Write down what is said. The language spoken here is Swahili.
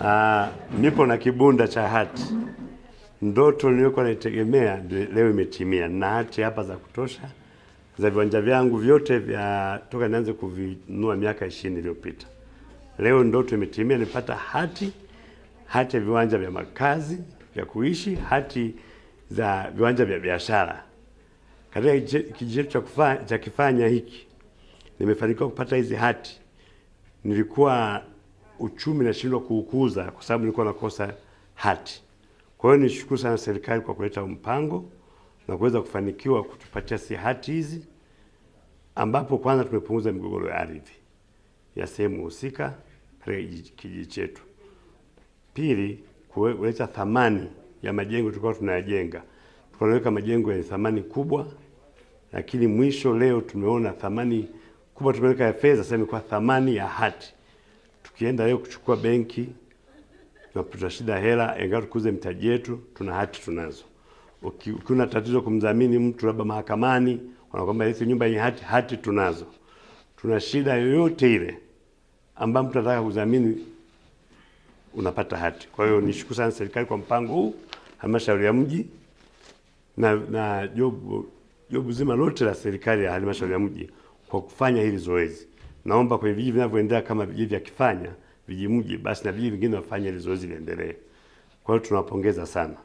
Ah, nipo na kibunda cha hati. Ndoto niliyokuwa naitegemea leo imetimia. na hati hapa za kutosha za viwanja vyangu vyote vya toka nianze kuvinua miaka ishirini iliyopita. Leo ndoto imetimia, nipata hati hati ya viwanja vya makazi vya kuishi, hati za viwanja vya biashara. Katika kijiji cha kufanya cha kifanya hiki nimefanikiwa kupata hizi hati nilikuwa uchumi nashindwa kuukuza kwa sababu nilikuwa nakosa hati. Kwa hiyo nishukuru sana serikali kwa kuleta mpango na kuweza kufanikiwa kutupatia si hati hizi, ambapo kwanza tumepunguza migogoro ya ardhi ya sehemu husika katika kijiji chetu. Pili, kuleta thamani ya majengo tulikuwa tunayajenga, tunaweka majengo yenye thamani kubwa, lakini mwisho leo tumeona thamani kubwa tumeweka ya fedha, sasa imekuwa thamani ya hati. Tukienda leo kuchukua benki tunapata shida hela, ingawa tukuze mtaji yetu, tuna hati tunazo. Ukiona tatizo kumdhamini mtu labda mahakamani, wanakwambia hizi nyumba yenye hati, hati tunazo. Tuna shida yoyote ile ambayo mtu anataka kudhamini, unapata hati. Kwa hiyo nishukuru sana serikali kwa mpango huu, halmashauri ya mji na na jobu jobu zima lote la serikali ya halmashauri ya mji kwa kufanya hili zoezi. Naomba kwenye vijiji vinavyoendelea kama vijiji vya Kifanya, Mji, basi na vijiji vingine wafanye hili zoezi liendelee. Kwa hiyo tunawapongeza sana.